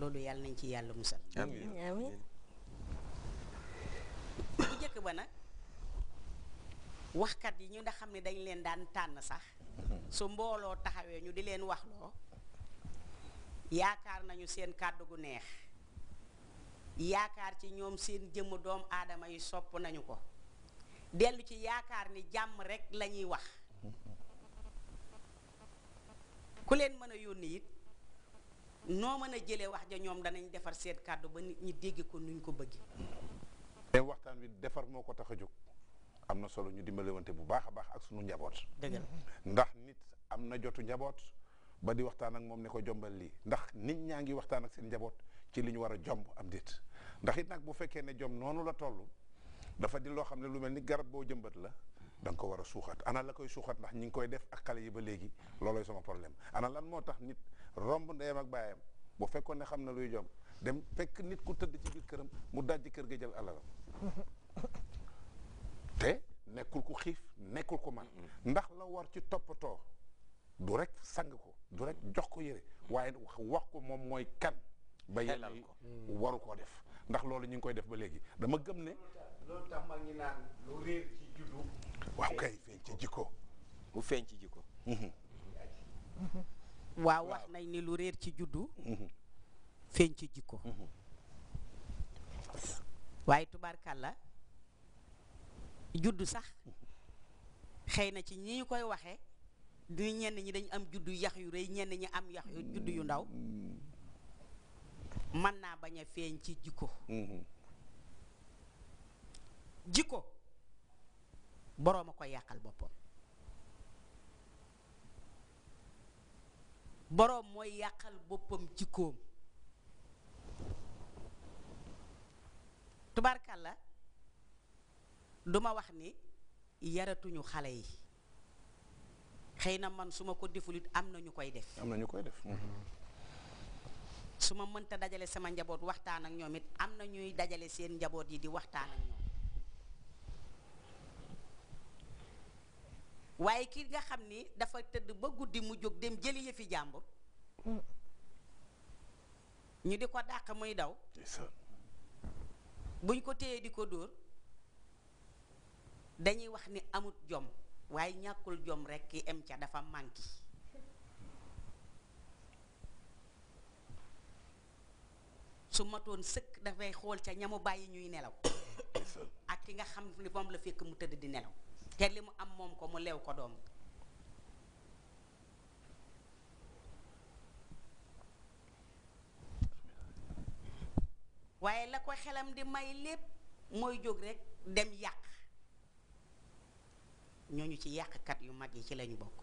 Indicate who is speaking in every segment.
Speaker 1: loolu yàlla nañ ci yàlla musal amiin bu jëkk ba nag waxkat yi ñu nga xam ne dañ leen daan tànn sax su mbooloo taxawee ñu di leen wax loo yaakaar nañu seen kàddu gu neex yaakaar ci ñoom seen jëmm doom aadama yi sopp nañu ko dellu ci yaakaar ni jàmm rekk lañuy wax ku leen mën a yónni it noo mën a jëlee wax ja ñoom danañ defar seet kàddu ba nit ñi dégg ko ñu ko bëggee.
Speaker 2: te waxtaan wi defar moo ko tax a jóg am na solo ñu dimbalewante bu baax a baax ak sunu njaboot. dëgg ndax nit am na jotu njaboot ba di waxtaan ak moom ne ko jombal lii ndax nit ñaa ngi waxtaan ak seen njaboot ci li ñu war a jomb am déet ndax it nag bu fekkee ne jom noonu la toll dafa di loo xam ne lu mel ni garab boo jëmbat la. da ko war a suuxat ana la koy suuxat ndax ñi ngi koy def ak xale yi ba léegi loolooy sama problème ana lan moo tax nit romb ndeyam ak baayam bu fekkoon ne xam na luy jom dem fekk nit ku tëdd ci biir këram mu dajji kër ga jël alalam te nekkul ku xiif nekkul ko man ndax la war ci toppatoo du rek sang ko du rek jox ko yére waaye wax ko moom mooy kat ba yenn waru koo def ndax loolu ñu ngi koy def ba léegi dama gëm ne
Speaker 3: loolu tax lu réer ci juddu
Speaker 2: waaw kay feeñ ci jikko
Speaker 4: mu ci jikko mhm.
Speaker 1: waaw wax nañ ni lu réer ci juddu mhm. feeñ ci jikko mhm. waaye tubaarkàlla juddu sax xëy na ci ñi ñu koy waxee du ñenn ñi dañu am juddu yax yu rey ñenn ñi am yax yu juddu yu ndaw mm. mën naa bañ a feeñ ci jikko jikko boroom a ko yàqal boppam boroom mooy yàqal boppam jikkoom tubaarkàlla duma wax ni yaratuñu xale yi xëy na man su ma ko defulit am na ñu koy def am na ñu koy def mm-hmm. su ma mënta dajale sama njaboot waxtaan ak ñoom it am na ñuy dajale seen njaboot yi di waxtaan ak ñoom waaye ki nga xam ni dafa tëdd ba guddi mu jóg dem jëli yëfi jàmbur ñu di ko dàq muy daw buñ ko téyee di ko dóor dañuy wax ni amut jom waaye ñàkkul jom rekk ki em ca dafa mànki su matoon sëkk dafay xool ca ñamu bàyyi ñuy nelaw ak ki nga xam ni moom la fekk mu tëdd di nelaw te li mu am moom ko mu lew ko doom waaye la ko xelam di may lépp mooy jóg rekk dem yàq ñoo ñooñu ci yàqkat yu mag yi ci lañ bokk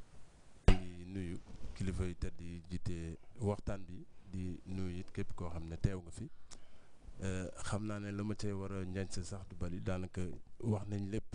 Speaker 2: di nuyu kilifa yu tedd yi jiite waxtaan bi di nuyu it képp koo xam ne teew nga fi eh, xam naa ne la ma cay war a njañ sa sax du bari daanaka wax nañ lépp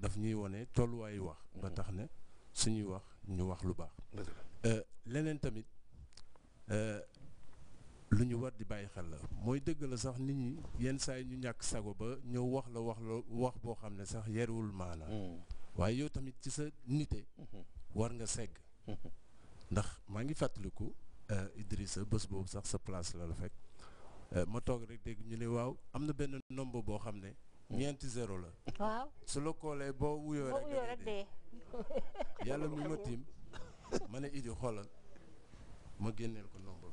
Speaker 2: daf ñuy wone tolluwaayu wax ba suñu wax ñu wax lu baax euh, tamit euh, lu ñu war di baye xel moy la sax nit ñi ñu sago ba la wax la wax sax mm. tamit ci sa nite mm-hmm. war nga ségg mm-hmm. ndax ma ngi euh Idrissa bëss sa place la la euh, rek nombre ñeenti zéro la. waaw su la koolee boo wuyoo rek.
Speaker 1: boo yàlla mi ma tiim
Speaker 2: ma ne Idi xoolal ma génneel ko nombre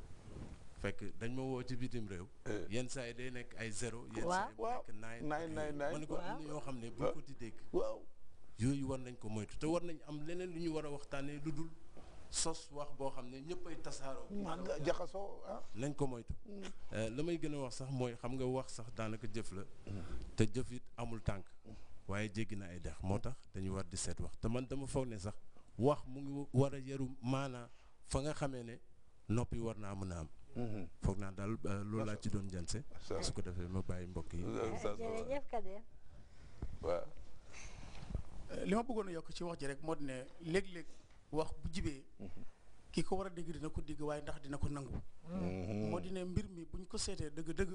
Speaker 2: fekk dañ ma woo ci bitim réew. Eh. yenn saa yi day nekk ay zéro. yenn saa yi nekk naay naay naay ma ne ko am na yoo xam ne boo ko di dégg. waaw yooyu war nañ ko moytu te war nañ am leneen lu ñu war a waxtaanee lu dul. sos wax boo xam ne ñëpp ay tasaaroo. Mm. jaxasoo ah. nañ ko moytu. Mm. Eh, la may gën a wax sax mooy xam nga wax sax daanaka jëf la. Mm. te jëf it amul tànk. waaye jéggi na ay dex moo tax dañu war di seet wax te man dama foog ne sax wax mu ngi war a yaru maanaa fa nga xamee ne noppi war naa mën a am. Mm-hmm. foog naa daal eh, loolu laa ci doon janse su ko defee ma bàyyi mbokk yi. jërëjëf eh, li ma bëggoon yokk ci wax ji rek moo di ne léeg-léeg.
Speaker 3: wax bu jibee mhm. ki ko war a dégg dina ko dégg waaye ndax dina ko nangu
Speaker 4: mhm. moo
Speaker 3: dina mbir mi buñ ko seetee dëgg-dëgg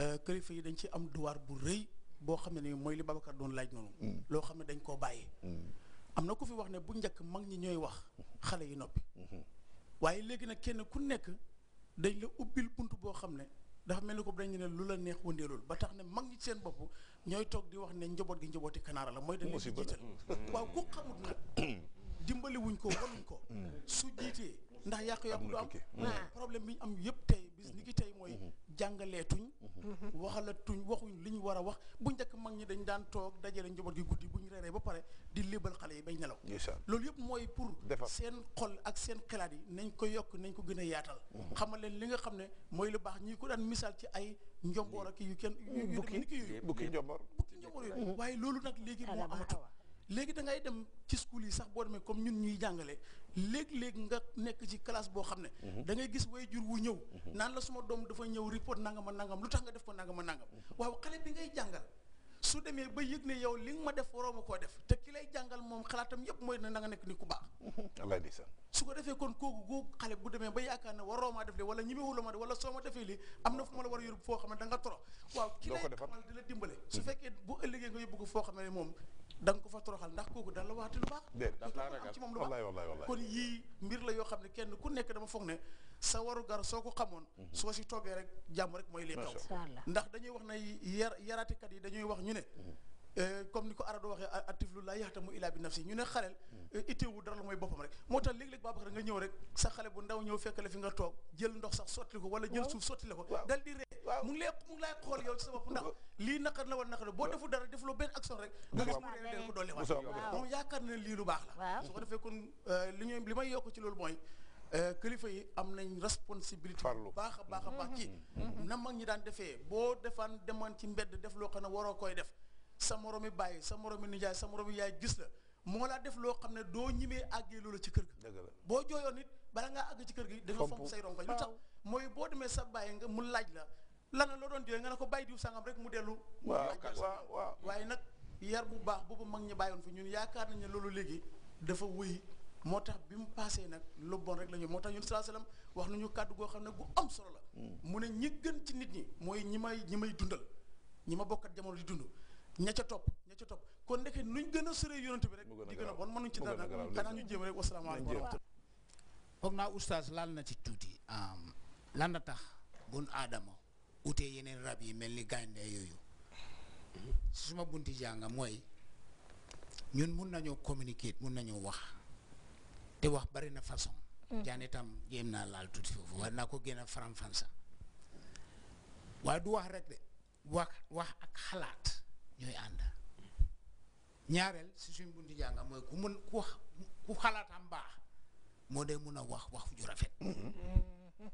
Speaker 3: euh, kërifa yi dañ ci am duwaar bu rëy boo xam ne ni mooy li Babacar doon laaj noonu mm. loo xam ne dañ koo bàyyi mm. am na ku fi wax ne bu njëkk mag ñi ñooy wax xale yi noppi mhm. léegi nag kenn ku nekk dañ la ubbil bunt boo xam ne dafa mel ni ko dañ ne lu la neex wëndeelul ba tax ne mag ñi seen bopp ñooy toog di wax ne njaboot gi njabooti kanaara la mooy dañ la jiital mm. waaw ku xamut nag dimbali wuñ ko wanuñ ko. Mm. Mm. su jiitee ndax yàq am du am. Mm. problème bi ñu am yëpp tey bis ni ki tey mooy. Mm-hmm. jàngaleetuñ. Mm-hmm. tuñ waxuñ li ñu war a wax bu njëkk mag ñi dañ daan toog dajale njaboot gi guddi bu ñu reeree ba pare di lébal xale yi bay nelaw. loolu yëpp mooy pour. seen xol ak seen xelaat yi nañ ko yokk nañ ko gën a yaatal. Mm-hmm. xamal leen li nga xam ne mooy lu baax ñi ko daan misaal ci ay. njomboor ak yu kenn yu yu yu yu yu yu yu yu yu yu yu yu yu yu yu yu yu léegi da ngay dem ci school yi sax boo demee comme ñun ñuy jàngale léeg-léeg nga nekk ci classe boo xam ne. Mhm. da ngay gis way jur wu ñëw. Mhm. naan la suma doom dafa ñëw report nanga a nangam lu tax nga def ko nangam a nangam. waaw xale bi ngay jàngal. su demee ba yëg ne yow li nga ma def waroo ma koo def te ki lay jàngal moom xalaatam yépp mooy na nga nekk ni ku baax. su ko defee kon kooku googu xale bu demee ba yaakaar ne waroo maa def li wala ñemewuloo ma def wala soo ma defee li am na fu ma la war a yóbbu foo xam ne da nga toro waaw ki lay xamal di la dimbale. su mhm. fekkee bu ëllëgee nga yóbbu ko foo xam ne moom da ko fa toroxal ndax kooku dal la waxati lu baax am ci moom lu baax kon yii mbir la yoo xam ne kenn ku nekk dama foog ne sa waru gar soo ko xamoon mhm. soo si toogee rek jàmm rek mooy lii taw ndax dañuy wax na yar yaraatikat yi dañuy wax ñu ne mhm. Euh, comme ni ko arado waxee atiflu laa yaxtamu ilaa bi nafsi ñu ne xaleel euh, itteewu dara lu mooy boppam rek moo tax léeg-léeg Babacar nga ñëw rek sa xale bu ndaw ñëw fekk la fi nga toog jël ndox sax sotti ko wala jël suuf sotti la ko dal di ree mu ngi lay mu ngi lay xool yow ci sa ndax lii naqar la wala naqar la dara defuloo benn action rek na lii lu baax la su ko defee kon euh, li ñuy li may yokk ci loolu mooy kilifa yi am nañ responsabilité bu baax a baax a baax kii mm-hmm. mm-hmm. na mag ñi daan defee boo defaan demoon ci mbedd def loo xam ne waroo koy def sa moromi bàyyi sa moromi nijaay sa moromi yaay gis la moo laa def loo xam ne doo ñimee àggee loola ci kër ga boo jooyoon nit bala ngaa àgg ci kër gi da nga fomp say rongoñ lu tax mooy boo demee sa bàyyi nga mu laaj la lana loo doon jooy nga ne ko bàyyi diw sangam rek mu dellu waaw waaye nag yar bu baax boobu mag ñi bàyyoon fi ñun yaakaar nañ ne loolu léegi dafa wëy moo tax bi mu paasee nag lu bon rek la moo tax ñun salaa salaam wax nañu kàddu goo xam ne gu am solo la mm. mu ne ñi gën ci nit ñi mooy ñi may ñi may dundal ñi ma bokkat jamono di dund ña ca topp ña ca topp kon ndeke nuñ gën a sore yonent bi rek di gën a bon mënuñ ci dara nag xanaa ñu jéem rek wasalaamaaleykum wa rahmatulah na ci tuuti lan
Speaker 4: tax bun aadama utee yeneen rab yi mel ni gaynde yooyu suma bunti jànga mooy ñun mun nañoo communiquer mun nañoo wax te wax bari na façon mm. jaan itam jéem naa laal tuuti foofu war naa ko gën a faram-fànsa waaye du wax rek de wax wax ak xalaat ñooy ànd ñaareel si suñ bunti jàng mooy ku mun ku ku xalaatam baax moo dee mun a wax wax ju rafet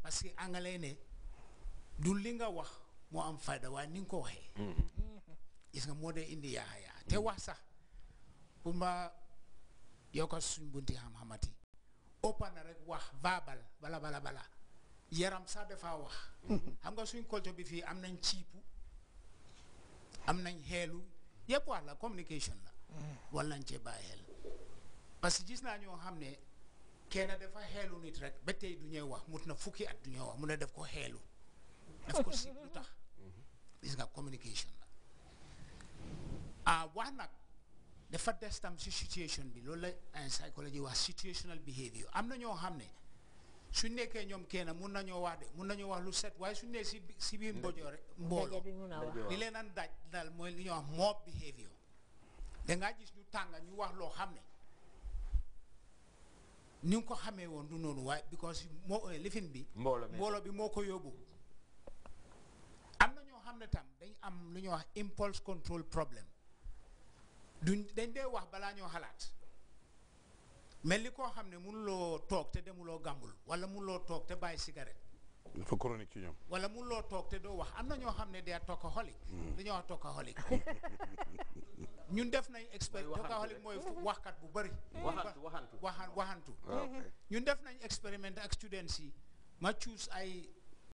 Speaker 4: parce que anglais ne du li nga wax moo am fayda waaye ni nga ko waxee gis nga moo dee indi yaaxa yaaxa te wax sax pour ma yokka suñ bunti xam-xamati ëppa rek wax verbal bala bala bala yaram sax dafa wax xam nga suñ culture bi fii am nañ ciipu am nañ xeelu yëpp wax la communication la wal nañ cee bàyyi xel parce que gis naa ñoo xam ne kenn dafa xeelu nit rek ba tey du ñuy wax mut na fukki at du ñuy wax mu ne def ko xeelu daf ko si tax gis nga communication la ah wax nag dafa des tam si situation bi loolu la en psychologie wax situational behavior am na ñoo xam ne suñ nekkee ñoom kenn mun nañoo wax de mun wax lu set waaye suñ nee si si biir rek mbooloo li leen an daj daal mooy li ñuy wax mob behavior dangaa gis ñu tàng ñu wax loo xam ni ko du because eh, lifin bi bi am na tam dañ am lu wax impulse control problem. duñ dañ dee wax balaa ñoo xalaat mel ni koo xam ne mënuloo toog te gàmbul wala mu loo toog te bàyyi cigarette.
Speaker 2: dafa chronique
Speaker 4: wala mu loo toog te doo wax am na ñoo xam ne day alcoholic. Hmm. dañoo wax alcoholic. ñun def nañ expert mooy waxkat bu bëri. waxantu waxantu waxantu. Ah, ñun def nañ expériment ak students yi ma choose ay.